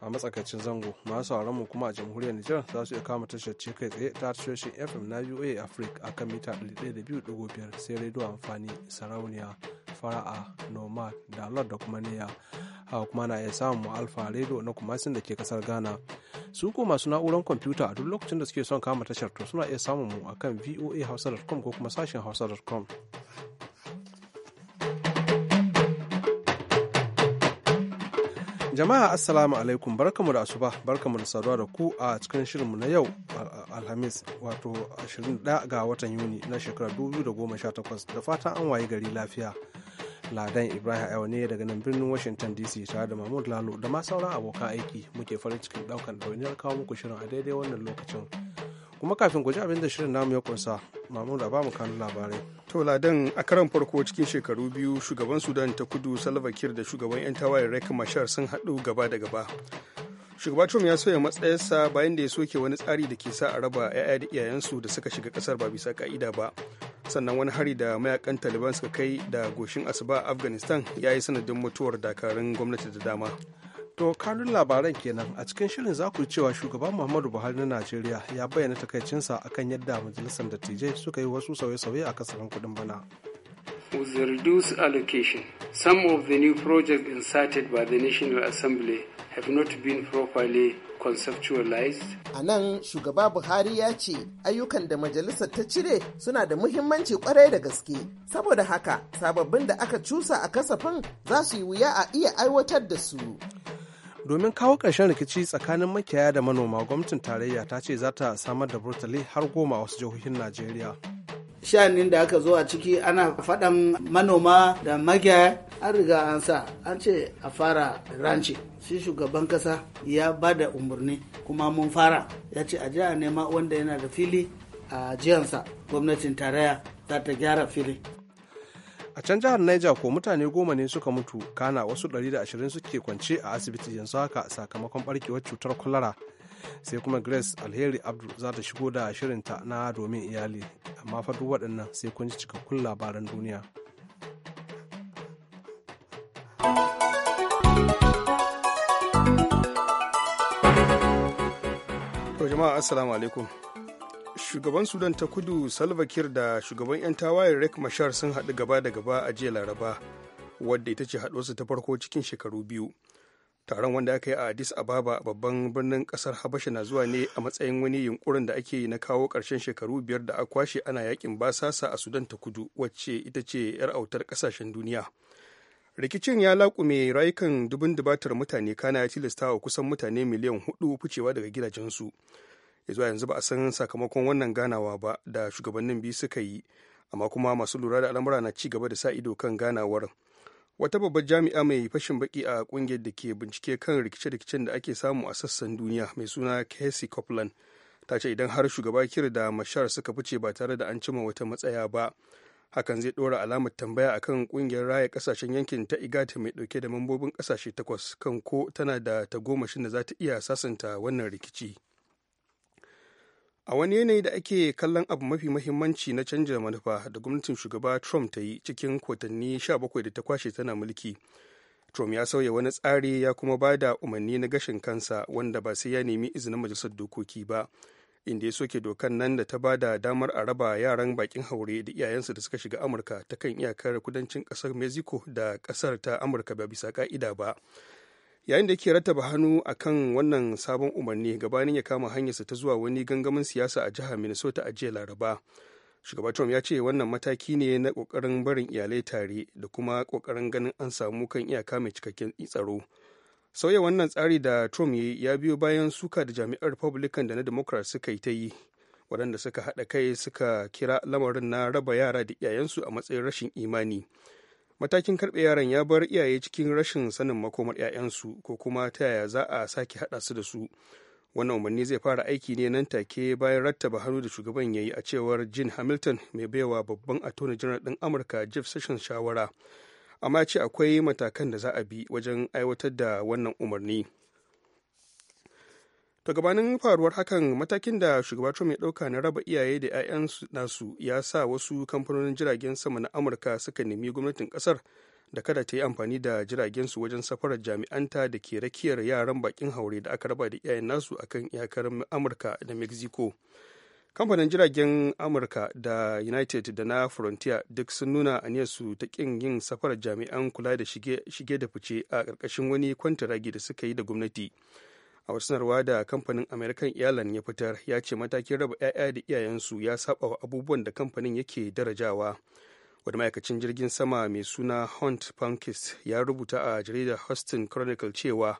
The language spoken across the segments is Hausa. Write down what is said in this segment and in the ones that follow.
a matsakaicin zango masu a mu kuma a jamhuriyar Nijar za su iya kama tashar ce kai tsaye ta tashoshin FM na ua Africa a kan mita 102.5 sai rediyo amfani sarauniya fara'a nomad da lord da kuma niya hawa kuma na iya samun mu alfa rediyo na kumasin da ke kasar Ghana su ko masu na'urar kwamfuta a duk lokacin da suke son kama tashar to suna iya samun mu akan hausa.com ko kuma sashen hausa.com Jama'a Assalamu alaikum barkamu da asuba barkamu da saduwa da ku a cikin shirinmu na yau Alhamis wato 21 ga watan Yuni na shekarar 2018 da fatan an waye gari lafiya. Ladan Ibrahim Ayo ne daga nan birnin Washington DC tare da Mahmud Lalo da ma sauran abokan aiki muke farin cikin daukan dauniyar kawo muku shirin a daidai wannan lokacin. Kuma kafin ku ji abin da shirin namu ya kunsa da ba bamu kanun labarai. To ladan a karan farko cikin shekaru biyu shugaban Sudan ta kudu Salva Kiir da shugaban 'yan tawayen Rek Mashar sun haɗu gaba da gaba. Shugaba Trump ya soya matsayarsa bayan da ya soke wani tsari da ke sa a raba 'ya'ya da iyayensu da suka shiga kasar ba bisa ka'ida ba. Sannan wani hari da mayakan Taliban suka kai da goshin asuba a Afghanistan ya yi sanadin mutuwar dakarun gwamnati da dama. To kanun labaran kenan a cikin shirin za ku cewa shugaban Muhammadu Buhari na Najeriya ya bayyana takaicinsa kan yadda majalisar dattijai suka yi wasu sauye-sauye a kasafin kuɗin bana. With the reduced allocation, some of the new projects incited by the National Assembly have not been properly conceptualized. A nan shugaba Buhari ya ce ayyukan da majalisar ta cire suna da muhimmanci kwarai da gaske. Saboda haka sababbin da aka cusa a kasafin za su yi wuya a iya aiwatar da su. domin kawo ƙarshen rikici tsakanin makiyaya da manoma gwamnatin tarayya ta ce za ta samar da burtali har goma wasu jihohin najeriya shanin da aka zo a ciki ana faɗan manoma da magiya an riga an sa an ce a fara ranci shi shugaban kasa ya ba da umarni kuma mun fara ya ce a ji a nema wanda yana da fili a jiyansa gwamnatin tarayya za ta gyara fili a can jihar niger ko mutane goma ne suka mutu kana wasu 120 suke kwance a asibiti yanzu haka sakamakon barkewar cutar kwalara sai kuma grace alheri abdul za ta shigo da shirinta na domin iyali amma fa waɗannan sai kun ji cikakkun labaran duniya to jama'a assalamu alaikum shugaban sudan ta kudu salva kiir da shugaban 'yan tawayen rek mashar sun haɗu gaba da gaba a jiya laraba wadda ita ce haɗuwarsu ta farko cikin shekaru biyu taron wanda aka yi a addis ababa babban birnin ƙasar habasha na zuwa ne a matsayin wani yunkurin da ake yi na kawo ƙarshen shekaru biyar da a kwashe ana yakin basasa a sudan ta kudu wacce ita ce 'yar autar ƙasashen duniya rikicin ya laƙume rayukan dubin dubatar mutane kana ya tilasta wa kusan mutane miliyan hudu ficewa daga gidajensu ya zuwa yanzu ba a san sakamakon wannan ganawa ba da shugabannin biyu suka yi amma kuma masu lura da al'amura na ci gaba da sa ido kan ganawar wata babbar jami'a mai fashin baki a kungiyar da ke bincike kan rikice-rikicen da ake samu a sassan duniya mai suna casey copeland ta ce idan har shugaba kir da mashar suka fice ba tare da an cima wata matsaya ba hakan zai ɗora alamar tambaya a kan kungiyar raya kasashen yankin ta igata mai ɗauke da mambobin kasashe takwas kan ko tana da tagomashin da za ta iya sasanta wannan rikici a wani yanayi da ake kallon abu mafi mahimmanci na canja manufa da gwamnatin shugaba trump ta yi cikin kwatanni 17 da ta kwashe tana mulki trump ya sauya wani tsari ya kuma ba da umarni na gashin kansa wanda ba sai ya nemi izinin majalisar dokoki ba inda ya soke dokan nan da ta ba da damar a raba yaran bakin haure da iyayensu da suka shiga amurka ta kan iyakar kudancin kasar mexico da kasar ta amurka ba bisa ka'ida ba yayin da yake rattaba hannu a kan wannan sabon umarni gabanin ya kama hanyarsa ta zuwa wani gangamin siyasa a jihar minnesota a jiya laraba shugaba trump ya ce wannan mataki ne na kokarin barin iyalai tare da kuma kokarin ganin an samu kan iyaka mai cikakken tsaro sauya wannan tsari da trump ya biyo bayan suka da jami'ar republican da na democrat suka yi ta yi waɗanda suka haɗa kai suka kira lamarin na raba yara da iyayensu a matsayin rashin imani matakin karɓe yaron ya bar iyaye cikin rashin sanin makomar 'ya'yansu ko kuma ta yaya za a sake haɗa su da su wannan umarni zai fara aiki ne nan take bayan rattaba hannu da shugaban ya yi a cewar jin hamilton mai baiwa babban attorney general ɗin amurka jeff sessions shawara amma ce akwai matakan da za a bi wajen aiwatar da wannan umarni to gabanin faruwar hakan matakin da shugaba trump ya ɗauka na raba iyaye da 'ya'yan nasu ya sa wasu kamfanonin jiragen sama na amurka suka nemi gwamnatin ƙasar da kada ta yi amfani da jiragen su wajen safarar jami'anta da ke rakiyar yaran bakin haure da aka raba da iyayen nasu akan iyakar amurka da mexico kamfanin jiragen amurka da united da na frontier duk sun nuna a su ta kin yin safarar jami'an kula da shige, da fice a ƙarƙashin wani kwantiragi da suka yi da gwamnati a wasu sanarwa da kamfanin american airlines ya fitar ya ce matakin raba 'ya'ya da iyayensu ya saba wa abubuwan da kamfanin yake darajawa wani ma'aikacin jirgin sama mai suna hunt punkis ya rubuta a jaridar houston chronicle cewa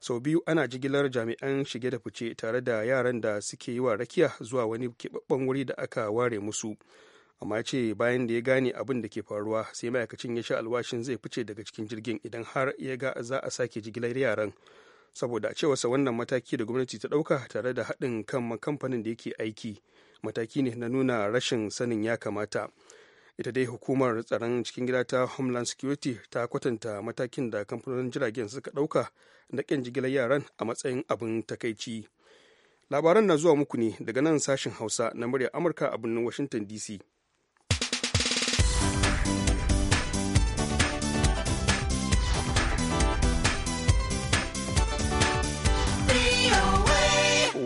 sau biyu ana jigilar jami'an shige da fice tare da yaran da suke yi wa rakiya zuwa wani keɓaɓɓen wuri da aka ware musu amma ce bayan da ya gane abin da ke faruwa sai ma'aikacin ya sha alwashin zai fice daga cikin jirgin idan har ya ga za a sake jigilar yaran saboda a cewarsa wannan mataki da gwamnati ta ɗauka tare da haɗin kan kamfanin da yake aiki mataki ne na nuna rashin sanin ya kamata ita dai hukumar tsaron cikin gida ta homeland security ta kwatanta matakin da kamfanonin jiragen suka ɗauka na ƙin jigilar yaran a matsayin abin takaici labaran na zuwa muku ne daga nan sashen hausa na murya amurka a birnin washington dc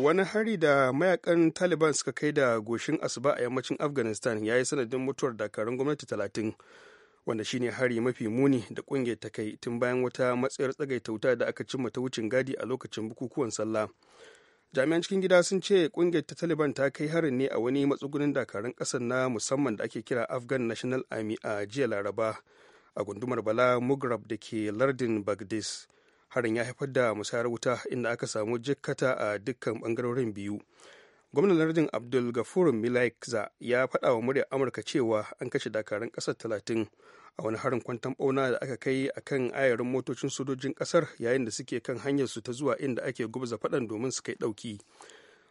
wani hari da mayakan taliban suka kai da goshin asuba a yammacin afghanistan ya yi sanadin mutuwar dakarun gwamnati talatin wanda shine hari mafi muni da kungiyar ta kai tun bayan wata matsayar tsagaita wuta da aka cimma ta wucin gadi a lokacin bukukuwan sallah jami'an cikin gida sun ce kungiyar ta taliban ta kai harin ne a wani matsugunin dakarun kasar na musamman da ake kira afghan national army a jiya laraba a gundumar bala mugrab da ke lardin bagdis harin ya haifar da musayar wuta inda aka samu jikkata a dukkan bangarorin biyu gwamnan lardin abdul gafur milaikza ya faɗa wa muryar amurka cewa an kashe dakarun ƙasar talatin a wani harin kwantan ɓauna da aka kai a kan ayarin motocin sojojin ƙasar yayin da suke kan hanyar su ta zuwa inda ake gubza faɗan domin su kai ɗauki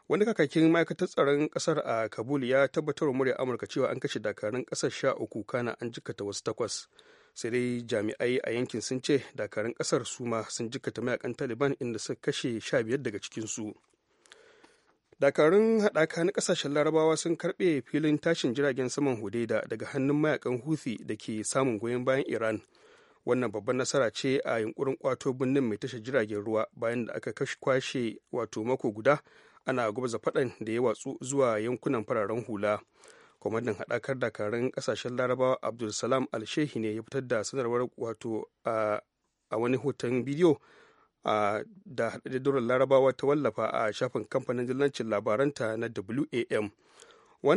wani kakakin ma'aikatar tsaron ƙasar a kabul ya tabbatar wa muryar amurka cewa an kashe dakarun ƙasar sha uku kana an jikata wasu takwas sai dai jami'ai a yankin sun ce dakarun kasar su ma sun jikata mayakan taliban inda suka kashe sha biyar daga cikinsu dakarun haɗaka na ƙasashen larabawa sun karɓe filin tashin jiragen saman hudaida daga hannun mayakan huthi da ke samun goyon bayan iran wannan babban nasara ce a yunkurin kwato birnin mai tashar jiragen ruwa bayan da aka kwashe wato mako guda ana gwabza faɗan da ya watsu zuwa yankunan fararen hula kwamandan haɗakar dakarun ƙasashen larabawa abdulsalam alshehi ne ya fitar da sanarwar wato a wani hoton bidiyo da haɗaɗɗen larabawa ta wallafa a shafin kamfanin dillancin labaranta na wam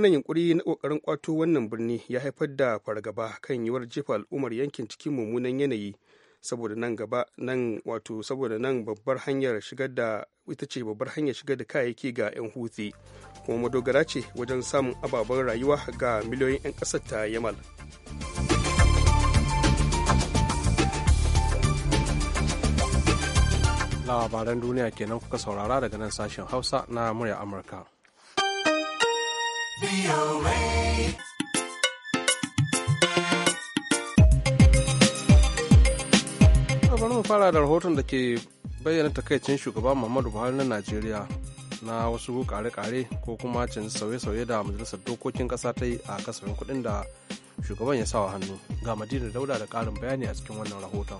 wannan yunkuri na ƙoƙarin ƙwato wannan birni ya haifar da fargaba kan yiwuwar jefa al'ummar yankin cikin mummunan yanayi saboda nan gaba nan wato saboda nan babbar hanyar shigar da ita ce babbar hanyar shigar da kayayyaki ga 'yan huthi kuma madogara ce wajen samun ababen rayuwa ga miliyoyin 'yan ƙasar ta yamal labaran duniya kenan kuka saurara daga nan sashen hausa na murya amurka bari fara da rahoton da ke bayyana takaicin shugaba muhammadu buhari na najeriya na wasu kare-kare ko kuma canza sauye-sauye da majalisar dokokin kasa ta yi a kasafin kudin da shugaban ya sawa hannu ga madina dauda da karin bayani a cikin wannan rahoton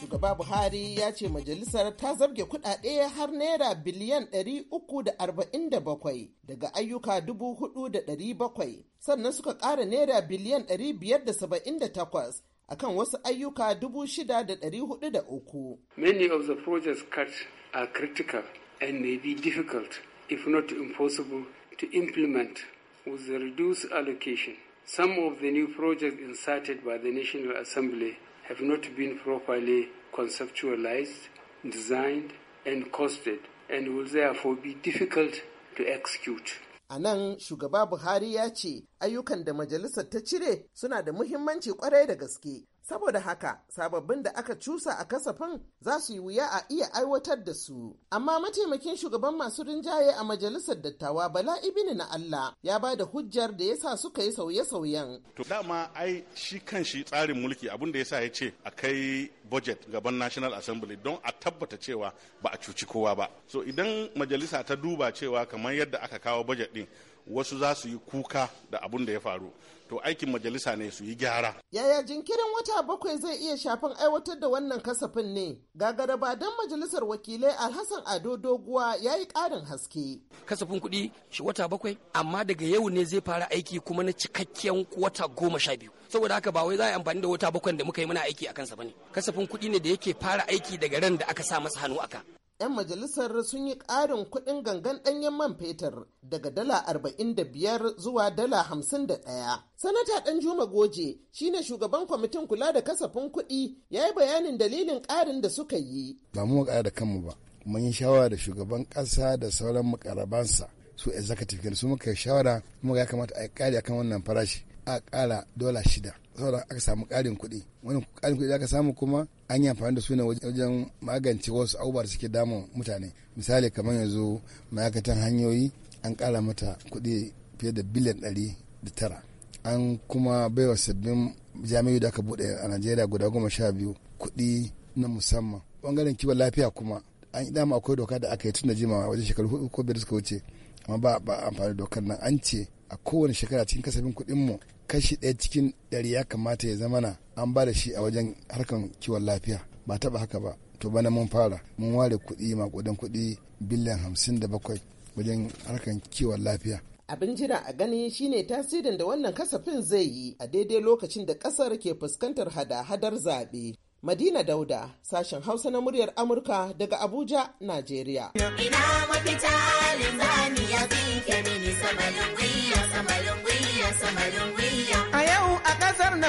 shugaba buhari ya ce majalisar ta zabge kudade har naira biliyan 347 daga ayyuka 4,700 sannan suka kara naira biliyan 578 akan wasu ayyuka 6,403. Many of the projects cut are critical and may be difficult, if not impossible, to implement with the reduced allocation. Some of the new projects incited by the National Assembly have not been properly conceptualized, designed, and costed, and will therefore be difficult to execute. A nan shugaba Buhari ya ce ayyukan da majalisar ta cire suna da muhimmanci kwarai da gaske saboda haka sababbin da aka cusa a kasafin za su yi wuya a iya aiwatar da su amma mataimakin shugaban masu rinjaye a majalisar dattawa bala ibini na allah ya ba da hujjar da yasa suka yi sauye-sauyen to dama ai shi kan shi tsarin mulki abin da sa ya ce a kai budget gaban national assembly don a tabbata cewa ba a cuci kowa ba so idan majalisa ta duba cewa kamar yadda aka kawo budget din wasu za su yi kuka da abun da ya faru to aikin majalisa ne su yi gyara. Yaya jinkirin wata bakwai zai iya shafin aiwatar da wannan kasafin ne? Gagara ba don majalisar wakilai Alhassan Ado Doguwa ya yi ƙarin haske. Kasafin kuɗi shi wata bakwai amma daga yau ne zai fara aiki kuma na cikakken wata goma sha biyu. Saboda haka ba wai za a yi amfani da wata bakwai da muka yi muna aiki a kansa ba ne. Kasafin kuɗi ne da yake fara aiki daga ran da aka sa masa hannu aka. 'yan majalisar sun yi ƙarin kuɗin gangan ɗanyen man fetur daga dala 45 zuwa dala 51. Sanata Juma Goje shine shugaban kwamitin kula da kasafin kuɗi ya yi bayanin dalilin ƙarin da suka yi. Ba mu ƙara da kanmu ba, mun yi shawara da shugaban ƙasa da sauran makarabansa su executive su muka yi shawara kuma ya kamata a ƙari akan wannan farashi a ƙara dola shida. saboda aka samu ƙarin kuɗi wani ƙarin kuɗi aka samu kuma an yi amfani da su ne wajen magance wasu abubuwa da suke damun mutane misali kamar yanzu ma'aikatan hanyoyi an ƙara mata kuɗi fiye da biliyan ɗari da tara an kuma baiwa sabbin jami'o'i da aka buɗe a najeriya guda goma sha biyu kuɗi na musamman ɓangaren kiwon lafiya kuma an yi dama akwai doka da aka yi tun da jimawa wajen shekaru hudu ko biyar suka wuce amma ba a amfani dokar nan an ce a kowane shekara cikin kasafin kuɗin mu kashi ɗaya cikin ɗari ya kamata ya zama na an ba da shi a wajen harkan kiwon lafiya ba taɓa haka ba to bana mun fara mun ware kuɗi maƙudan kuɗi biliyan hamsin da bakwai wajen harkar kiwon lafiya abin jira a gani shine tasirin da wannan kasafin zai yi a daidai lokacin da kasar ke fuskantar hada-hadar zaɓe. Madina Dauda, sashen Hausa na muryar Amurka daga Abuja, Najeriya. Ina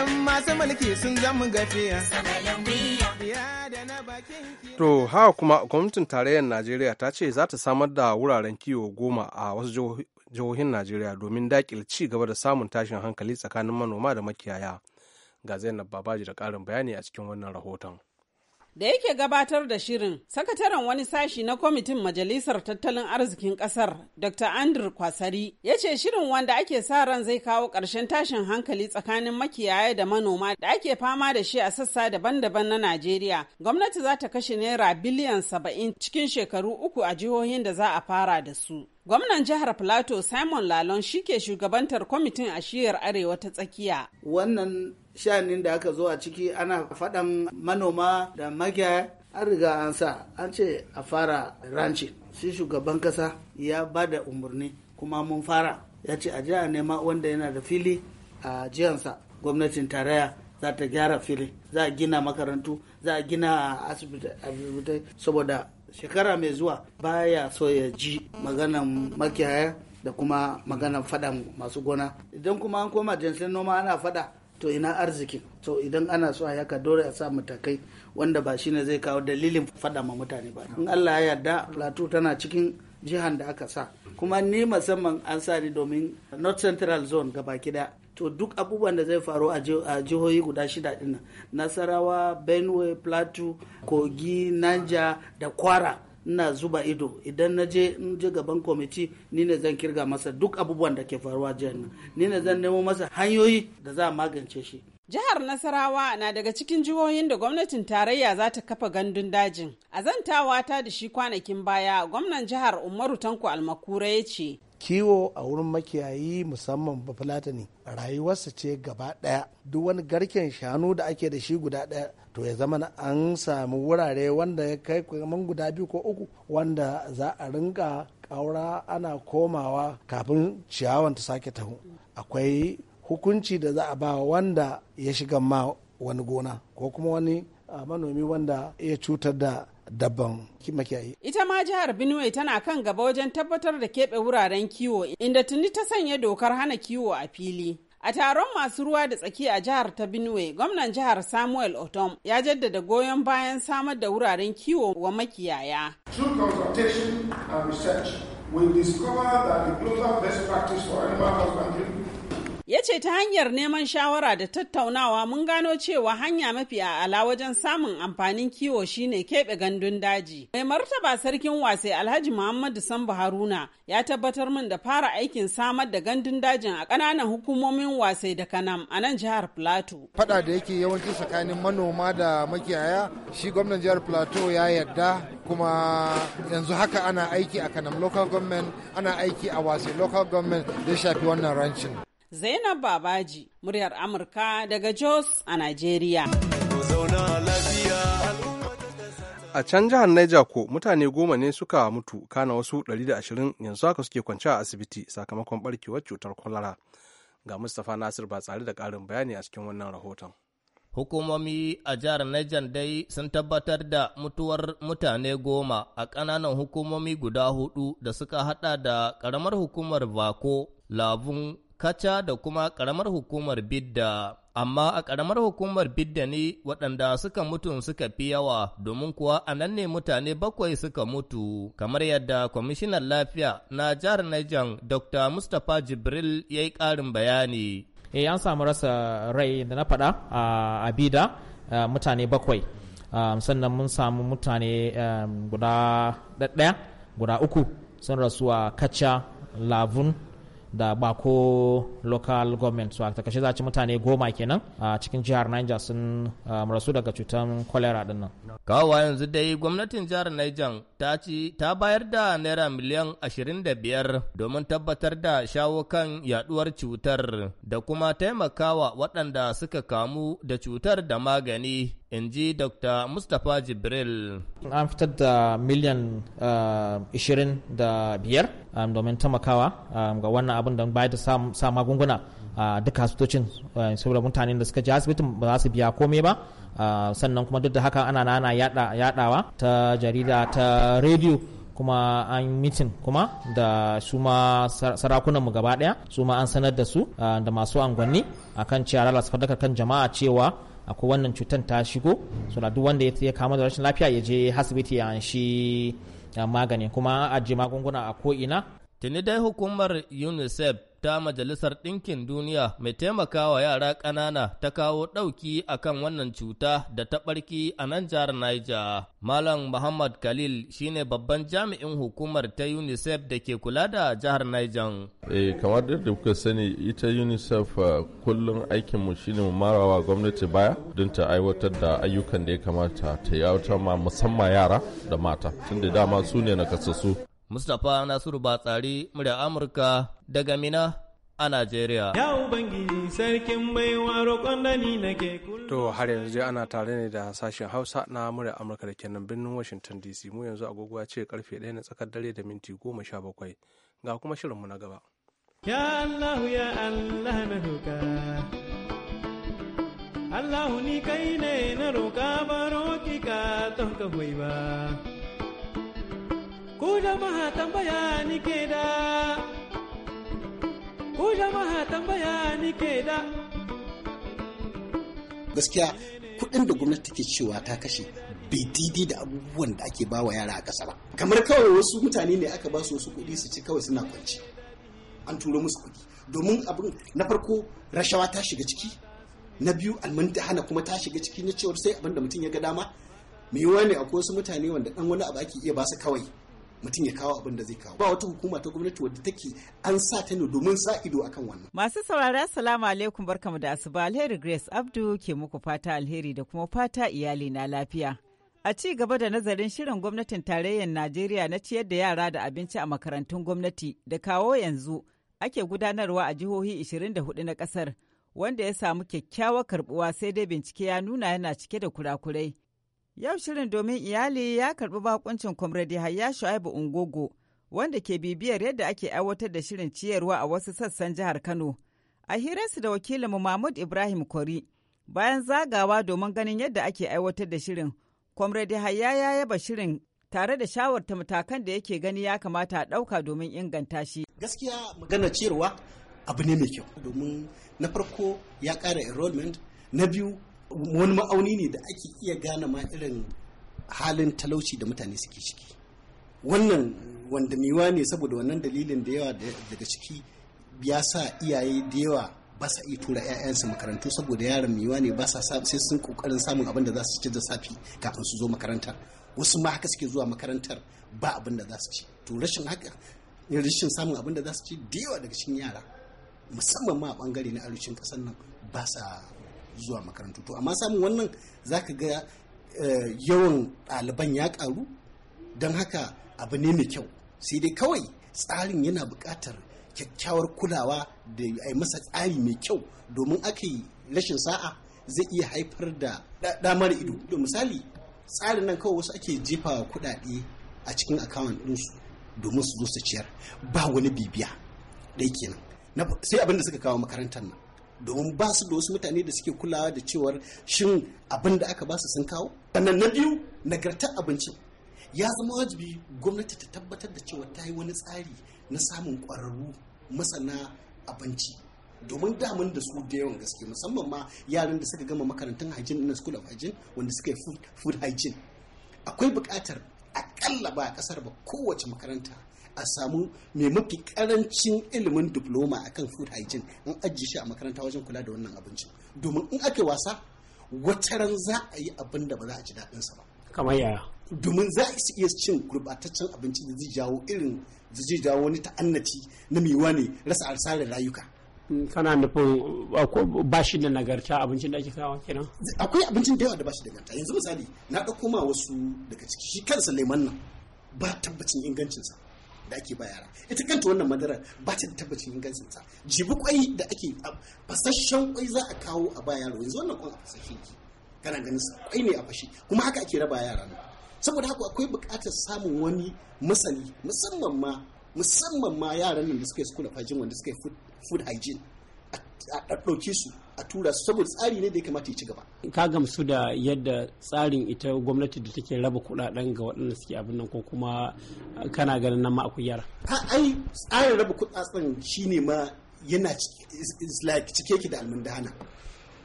masu mulki sun zama gafiya. To haka kuma gwamnatin tarayyar Najeriya ta ce za ta samar da wuraren kiwo goma a wasu jihohin Najeriya domin daƙil ci gaba da samun tashin hankali tsakanin manoma da makiyaya. Ga Zainab Babaji da ƙarin bayani a cikin wannan rahoton. da yake gabatar da shirin sakataren wani sashi na kwamitin majalisar tattalin arzikin kasar dr andrew kwasari ya ce shirin wanda ake sa ran zai kawo ƙarshen tashin hankali tsakanin makiyaya da manoma da ake fama da shi a sassa daban-daban na najeriya gwamnati za ta kashe naira biliyan saba'in cikin shekaru uku a jihohin da za a fara da su Gwamnan jihar Plateau Simon Lalon shi ke shugabantar kwamitin a shiyar arewa ta tsakiya. Wannan shanin da aka zo a ciki ana faɗan manoma da magiya an riga an sa an ce a fara ranci shi shugaban kasa ya ba da umarni kuma mun fara ya ce a jiya nema wanda yana da fili a jiyansa gwamnatin tarayya za ta gyara fili za a gina makarantu za a gina asibitai saboda shekara mai zuwa baya so ya ji maganan makiyaya da kuma maganan fadan masu gona idan kuma an koma jinsin noma ana fada to ina arzikin to idan ana so a yaka dole a sa matakai wanda ba shine zai kawo dalilin fada ma mutane ba in Allah ya yarda plateau tana cikin jihan da aka sa kuma ni musamman an sa ni domin north central zone gaba kida to duk abubuwan da zai faru a jihohi guda shida din nasarawa benue plateau kogi nanja da kwara na zuba ido idan na je in je gaban kwamiti ni ne zan kirga masa duk abubuwan da ke faruwa jihar nan ni ne zan nemo masa hanyoyi da za a magance shi Jihar Nasarawa na daga cikin jihohin da gwamnatin tarayya za ta kafa gandun dajin. A zantawa ta da shi kwanakin baya, gwamnan jihar Umaru Tanko Almakura ya ce, kiwo a wurin makiyayi musamman bafulatani rayuwarsa ce gaba ɗaya duk wani garken shanu da ake da shi guda ɗaya to ya zama an sami wurare wanda ya kai kaman guda biyu ko uku wanda za a rinka ƙaura ana komawa kafin ciyawan ta sake taho akwai hukunci da za a ba wanda ya shiga ma wani gona ko kuma wani ah, manomi wanda ya cutar da dabban makiyayi. Ita ma jihar Benue tana kan gaba wajen tabbatar da keɓe wuraren kiwo inda tuni ta sanya dokar hana kiwo a fili. A taron masu ruwa da tsaki a jihar ta Benue, gwamnan jihar Samuel Otom ya jaddada goyon bayan samar da wuraren kiwo wa makiyaya. Through consultation and research, we discover that the global best practice for animal husbandry ya ce ta hanyar neman shawara da tattaunawa mun gano cewa hanya mafi a'ala wajen samun amfanin kiwo shine keɓe gandun daji mai martaba sarkin wasai alhaji muhammadu sambu haruna ya tabbatar min da fara aikin samar da gandun dajin a ƙananan hukumomin wasai da kanam a nan jihar plateau fada da yake yawanci tsakanin manoma da makiyaya shi gwamnan jihar plateau ya yarda kuma yanzu haka ana aiki a kanam local government ana aiki a wasai local government da shafi wannan rancin Zainab Babaji, muryar Amurka daga Jos a Najeriya. A can jihar Niger ko mutane goma ne suka mutu kana wasu 120 yanzu haka suke kwance a asibiti sakamakon barkewar cutar kwalara. Ga Mustapha Nasir ba tsare da ƙarin bayani a cikin wannan rahoton. Hukumomi a jihar Niger dai sun tabbatar da mutuwar mutane goma a ƙananan hukumomi guda hudu da suka hada da ƙaramar hukumar Vako, Labun, kaca da kuma ƙaramar hukumar Bidda. Amma a ƙaramar hukumar Bidda ne waɗanda suka mutu suka fi yawa domin kuwa a nan ne mutane bakwai suka mutu, kamar yadda kwamishinan lafiya na jihar Niger Dr. Mustapha Jibril ya yi ƙarin bayani. E, an samu rasa rai da na faɗa a Bida mutane bakwai. Um, sannan mun samu mutane um, guda ɗaya guda uku sun rasu a kaca Lavun, da bako local government so a takashe za ci mutane goma kenan a cikin jihar niger sun rasu daga cutar cholera din nan yanzu dai gwamnatin jihar niger ta ci ta bayar da naira miliyan 25 domin tabbatar da shawo kan yaduwar cutar da kuma taimakawa waɗanda suka kamu da cutar da magani in ji dr mustapha jibril an fitar da miliyan uh, ishirin da biyar um, domin taimakawa um, ga wannan abin da bayar da sa magunguna a uh, duka asibitocin uh, saboda mutanen da suka je asibitin ba za su biya komai ba sannan kuma duk da haka ana ana yadawa ta jarida ta rediyo kuma an mitin kuma da su ma sarakunanmu gaba daya su ma an sanar da su da masu angwanni akan cewa lalasa fadakar kan jama'a cewa akwai wannan cutar ta shigo so da duk wanda ya kama da rashin lafiya ya je asibiti ya shi magani kuma a ajiye magunguna a ko ina tuni dai hukumar unicef ta Majalisar Ɗinkin Duniya mai taimakawa yara ƙanana ta kawo ɗauki a kan wannan cuta da ta ɓarki a nan jihar Niger. Malam Muhammad Khalil shine babban jami'in hukumar ta UNICEF da ke kula da jihar Niger. Eh, kamar da kuka sani ita UNICEF eh, kullum aikinmu shine mu marawa gwamnati baya don ta aiwatar da ayyukan da ya kamata ta yi ma musamman yara da mata tunda dama su ne nakasassu Mustapha Nasiru Batsari murya Amurka daga Mina a Najeriya. Ya Ubangiji sarkin baiwa roƙon da ni nake kullum. To har yanzu ana tare ne da sashen Hausa na murya Amurka da kenan birnin Washington DC mu yanzu agogo ce karfe ɗaya na tsakar dare da minti goma sha bakwai ga kuma shirinmu na gaba. Ya Allah ya Allah na roƙa. Allah ni kai ne na roƙa baro ki ka ton ka ba. ku jama'a tambaya ke da ku jama'a tambaya ke da gaskiya kuɗin da gwamnati ke cewa ta kashe bai didi da abubuwan da ake bawa yara a ƙasa ba kamar kawai wasu mutane ne aka ba su wasu kuɗi su ci kawai suna kwanci an turo musu kuɗi domin abin na farko rashawa ta shiga ciki na biyu almanta hana kuma ta shiga ciki na cewar sai abin da mutum ya ga dama mai yiwa ne akwai wasu mutane wanda dan wani abu ake iya ba su kawai mutum ya kawo abin da zai kawo ba wata hukuma ta gwamnati wadda take an sa ta ne domin sa ido akan wannan masu saurara assalamu alaikum barkamu da asuba alheri grace abdu ke muku fata alheri da kuma fata iyali na lafiya a ci gaba da nazarin shirin gwamnatin tarayyar najeriya na ciyar da yara da abinci a makarantun gwamnati da kawo yanzu ake gudanarwa a jihohi 24 na kasar wanda ya samu kyakkyawar karbuwa sai dai bincike ya nuna yana cike da kurakurai Yau shirin domin iyali ya karbi bakuncin Comrade Hayya Shu'aibu Ungogo wanda ke bibiyar yadda ake aiwatar da shirin ciyarwa a wasu sassan jihar Kano. A hirarsu da wakilinmu Mahmud Ibrahim Kori bayan zagawa domin ganin yadda ake aiwatar da shirin, Comrade Hayya ya yaba shirin tare da shawarta matakan da yake gani ya kamata a ɗauka domin inganta shi. Gaskiya magana ciyarwa abu ne mai kyau domin na farko ya ƙara enrollment na biyu wani ma'auni ne da ake iya gane ma irin halin talauci da mutane suke ciki wannan wanda miwa ne saboda wannan dalilin da yawa daga ciki ya sa iyaye da yawa ba sa iya tura 'ya'yansu makarantu saboda yaran miwa ne ba sa sai sun kokarin samun abin da za su ci da safi kafin su zo makarantar wasu ma haka suke zuwa makarantar ba abin da za su ci to rashin haka rashin samun abin da za su ci da yawa daga cikin yara musamman ma a bangare na arewacin kasar nan ba sa zuwa makarantu to amma samun wannan za ka ga eh, yawan ɗaliban ya ƙaru don haka abu ne mai kyau sai dai kawai tsarin yana buƙatar kyakkyawar kulawa da a masa tsari mai kyau domin aka yi rashin sa'a zai iya haifar da damar ido da misali tsarin nan kawai wasu ake jefa kuɗaɗe a cikin akawun ɗinsu domin su zo su ciyar ba wani bibiya ɗai kenan sai abin da suka kawo makarantar nan domin ba su da wasu mutane da suke kulawa da cewar shin abin da aka basu sun kawo sannan na biyu nagartar abincin ya zama wajibi gwamnati ta tabbatar da cewa ta yi wani tsari na samun ƙwararru masana abinci domin damun da su da yawan gaske musamman ma yaran da suka gama makarantun hygiene na school of hygiene wanda suka yi food hygiene akwai buƙatar akalla ba a ƙasar ba kowace makaranta a samu mai mafi karancin ilimin diploma akan food hygiene an ajiye shi a makaranta wajen kula da wannan abincin domin in aka wasa wataran za a yi abin da ba za a ji daɗinsa ba kamar yaya domin za a iya cin gurbataccen abinci da zai jawo irin da zai jawo wani ta'annaci na mai wani rasa arsarin rayuka mm, kana nufin uh, ba shi da nagarta abincin da ake kawo kenan akwai abincin da yawa da ba shi da nagarta yanzu misali na ɗauko ma wasu daga ciki shi kansa leman nan ba tabbacin ingancinsa da ake ba yara ita kanta wannan madara ba ta tabbacin ingancin ta jibi kwai da ake fasashen kwai za a kawo a ba yaro yanzu wannan kwan a fasashen ki kana ganin sa kwai ne a fashi kuma haka ake raba yara ne saboda haka akwai bukatar samun wani masani musamman ma musamman ma yaran nan da suka yi school of hygiene wanda suka yi food hygiene a ɗauke su a tura su saboda tsari ne da ya kamata ya ci gaba ka gamsu da yadda tsarin ita gwamnati da take raba kuɗaɗen ga waɗanda suke abin nan ko kuma kana ganin nan ma akwai yara ai tsarin raba kudaden shine ma yana cike ki da almundana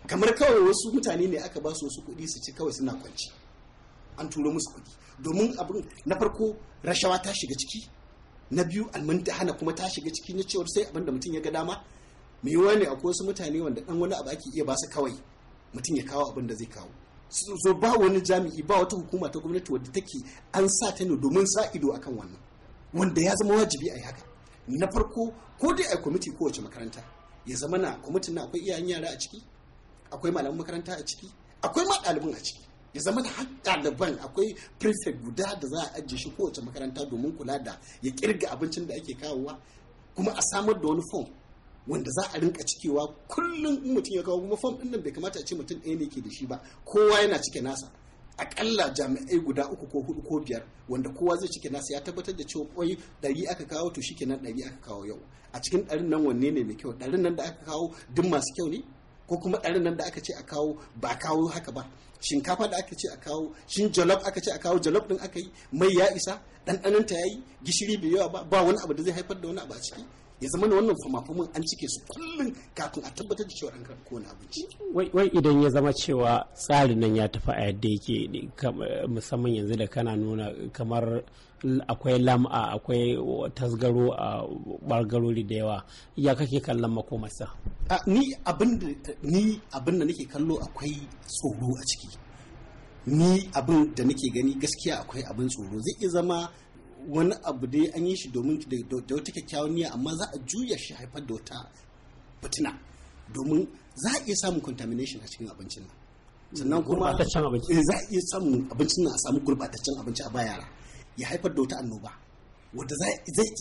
kamar kawai wasu mutane ne aka ba su wasu kuɗi su ci kawai suna kwanci an turo musu kuɗi domin abin na farko rashawa ta shiga ciki na biyu almanta hana kuma ta shiga ciki na cewar sai abinda mutum ya ga dama mai yi ne akwai wasu mutane wanda dan wani abu ake iya basu kawai mutum ya kawo abin da zai kawo so ba wani jami'i ba wata hukuma ta gwamnati wadda take an sa ta ne domin sa ido akan wannan wanda ya zama wajibi a yi haka na farko ko dai a kwamiti wace makaranta ya zama na kwamitin na akwai iyayen yara a ciki akwai malaman makaranta a ciki akwai ma ɗaliban a ciki ya zama da har ɗaliban akwai prefect guda da za a ajiye shi kowace makaranta domin kula da ya kirga abincin da ake kawowa kuma a samar da wani fom wanda za a rinka cikewa kullum in mutum ya kawo kuma fom din nan bai kamata a ce mutum ɗaya ne ke da shi ba kowa yana cike nasa akalla jami'ai guda uku ko hudu ko biyar wanda kowa zai cike nasa ya tabbatar da cewa kwai ɗari aka kawo to kenan ɗari aka kawo yau a cikin ɗarin nan wanne ne mai kyau ɗarin nan da aka kawo duk masu kyau ne ko kuma ɗarin nan da aka ce a kawo ba kawo haka ba shinkafa da aka ce a kawo shin jalof aka ce a kawo jalof ɗin aka yi mai ya isa ɗanɗanonta ya yi gishiri bai yawa ba ba wani abu da zai haifar da wani abu a ciki ya zama na wannan fama-faman an cike su kullum kafin a tabbatar da cewa an karɓi kowane abinci. wai idan ya zama cewa tsarin nan ya tafi a yadda yake musamman yanzu da kana nuna kamar akwai lam'a akwai tasgaro a bargarori da yawa ya kake kallon makomarsa. ni abin da nake kallo akwai tsoro a ciki ni abin da nake gani gaskiya akwai abin tsoro zai iya zama wani abu dai an yi shi domin da wata kyakkyawan niyya amma za a juya shi haifar da wata fitina domin za a iya samun contamination a cikin abincin nan sannan kuma eh, za a iya samun abincin nan a samu gurbataccen abinci a bayara ya haifar da wata annoba wadda zai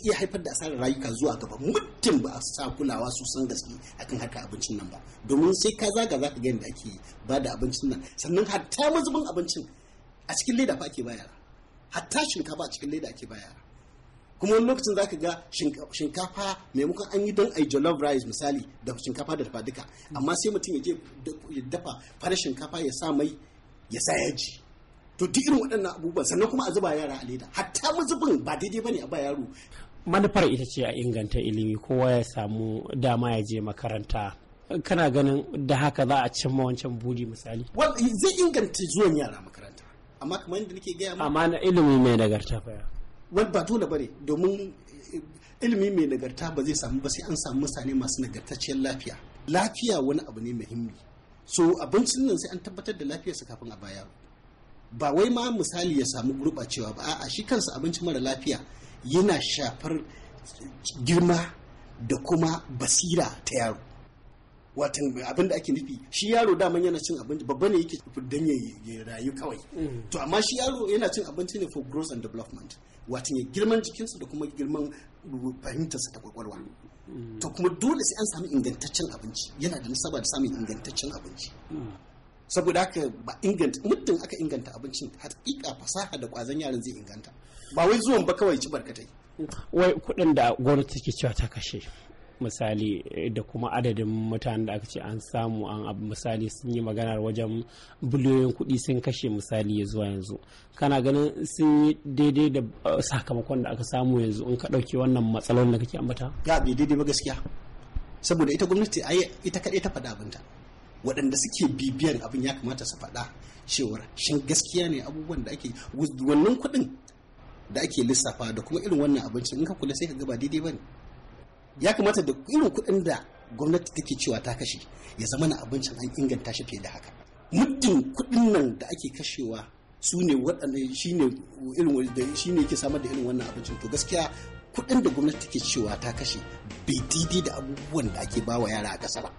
iya haifar da asarar rayuka zuwa gaba mutum ba a sa kulawa su san gaske akan haka abincin nan ba domin sai ka zaga za ka ga yadda ake ba da abincin nan sannan hatta mazubin abincin a cikin leda fa ake bayara hatta shinkafa a cikin leda ake baya kuma wani lokacin zaka ga shinkafa maimakon an yi don a jollof rice misali da shinkafa da dafa duka amma sai mutum ya je ya dafa fara shinkafa ya sa mai ya sa yaji to duk irin waɗannan abubuwan sannan kuma a zuba yara a leda hatta mazubin ba daidai ba ne a ba yaro manufar ita ce a inganta ilimi kowa ya samu dama ya je makaranta kana ganin da haka za a cimma wancan buri misali zai inganta zuwan yara makaranta amma kamar yadda nake gaya amma na ilimi mai nagarta fa wani ba dole bane domin eh, ilimi mai nagarta ba zai samu ba sai an samu mutane masu nagartacciyar lafiya lafiya wani abu ne muhimmi so abincin nan sai an tabbatar da lafiyarsa kafin a baya ba wai ma misali ya samu gurɓacewa ba a'a shi kansa abinci mara lafiya yana shafar eh, girma da kuma basira ta yaro watan abin da ake nufi shi yaro daman yana cin abinci babba ne yake dan ya rayu kawai mm. to amma shi yaro yana cin abinci ne for growth and development watan ya girman jikinsa da kuma girman fahimtarsa ta kwakwalwa mm. to kuma dole sai an sami ingantaccen abinci yana da nasaba da samun ingantaccen abinci mm. saboda haka ba inganta muddin aka inganta abincin hakika fasaha da kwazon yaran zai inganta ba wai zuwan ba kawai ci barkatai wai kuɗin da gwamnati take cewa ta kashe misali eh, da kuma adadin mutanen da aka ce an samu an abu misali sun yi maganar wajen biliyoyin kuɗi sun kashe misali ya zuwa yanzu kana ganin sun yi daidai da eh, sakamakon da aka samu yanzu in ka ɗauki wannan matsalolin da kake ambata ya bi daidai ba gaskiya saboda ita gwamnati ita kaɗai ta faɗa abinta waɗanda suke bibiyan abin ya kamata su faɗa cewar shin gaskiya ne abubuwan da ake wannan kuɗin da ake lissafa da kuma irin wannan abincin in ka kula sai ka ga ba daidai ba ne ya kamata da irin kuɗin da gwamnati take cewa ta kashe ya zama na abincin an inganta shi fiye da haka muddin kuɗin nan da ake kashewa su ne waɗanda shi ne irin ke samar da irin wannan abincin to gaskiya kuɗin da gwamnati take cewa ta kashe bai daidai da abubuwan da ake bawa yara a ƙasa ba.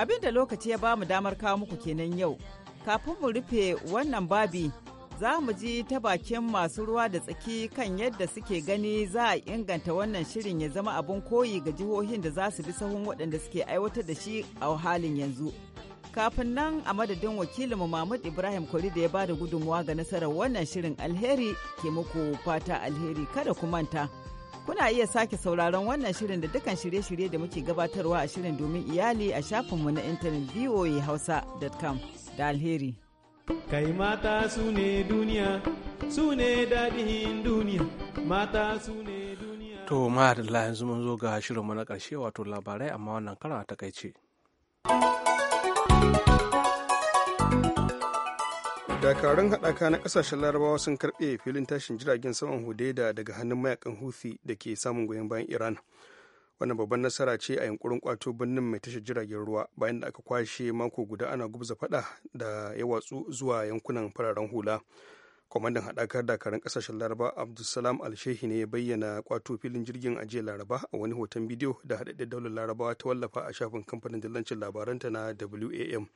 abin da lokaci ya ba mu damar kawo muku kenan yau kafin mu rufe wannan babi za mu ji ta bakin masu ruwa da tsaki kan yadda suke gani za a inganta wannan shirin ya zama abin koyi ga jihohin da za su bi sahun waɗanda suke aiwatar da shi a halin yanzu kafin nan a madadin wakilinmu mahmud ibrahim kwari da ya da gudunmuwa ga nasarar wannan shirin alheri ke muku fata alheri kada ku manta Kuna iya sake sauraron wannan shirin da dukkan shirye-shirye da muke gabatarwa a shirin domin iyali a shafinmu na intanet hausa.com da alheri. Kai mata su ne duniya, su ne daɗin duniya, mata su ne duniya. To, ma yanzu mun zo ga shirinmu na ƙarshe wato labarai amma wannan karan a takaice. dakarun haɗaka na ƙasashen larabawa sun karɓe filin tashin jiragen saman hudaida daga hannun mayakan houthi da ke samun goyon bayan iran wannan babban nasara ce a yankurin kwato birnin mai tashar jiragen ruwa bayan da aka kwashe mako guda ana gubza fada da ya watsu zuwa yankunan fararen hula kwamandan haɗakar dakarun ƙasashen laraba abdulsalam alshehi ne ya bayyana kwato filin jirgin a jiya laraba a wani hoton bidiyo da haɗaɗɗen daular larabawa ta wallafa a shafin kamfanin dillancin labaranta na wam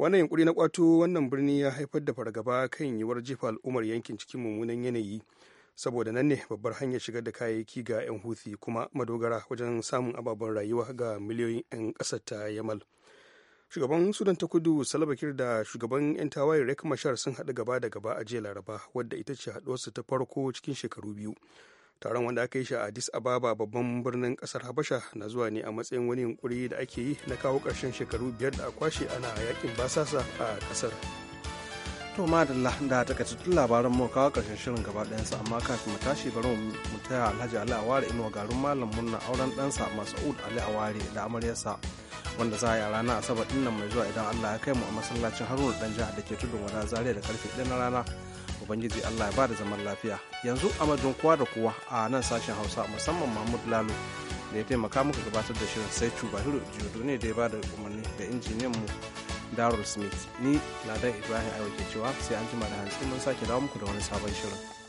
wannan yunkuri na kwato wannan birni ya haifar da fargaba kan yiwuwar jefa al'ummar yankin cikin mummunan yanayi saboda nan ne babbar hanyar shigar da kayayyaki ga 'yan huthi kuma madogara wajen samun ababen rayuwa ga miliyoyin 'yan ƙasar ta yamal shugaban sudan ta kudu salabakir da shugaban 'yan tawaye rek mashar sun haɗu gaba da gaba a jiya laraba wadda ita ce haɗuwarsu ta farko cikin shekaru biyu taron wanda aka yi shi a addis ababa babban birnin kasar habasha na zuwa ne a matsayin wani yunkuri da ake yi na kawo ƙarshen shekaru biyar da a kwashe ana yakin basasa a kasar to madalla da takaitattun labaran mu kawo ƙarshen shirin gaba ɗayansa amma kafin mu tashi bari mu taya alhaji ali aware inuwa garin malam murna auren ɗansa mas'ud ali aware da amaryarsa wanda za a yi a ranar asabar ɗin nan mai zuwa idan allah ya kai mu a masallacin haruna ɗan jihar da ke tudun wada zaria da karfe ɗaya na rana ubangiji allah ya ba da zaman lafiya yanzu a madun kowa da kowa a nan sashen hausa musamman mahmud lalo da ya taimaka muka gabatar da shirin sai cubahiru jiyo ne da ya ba da umarni da injiniyan mu darul smith ni ladan ibrahim aiwake cewa sai an jima da hantsi mun sake dawo muku da wani sabon shirin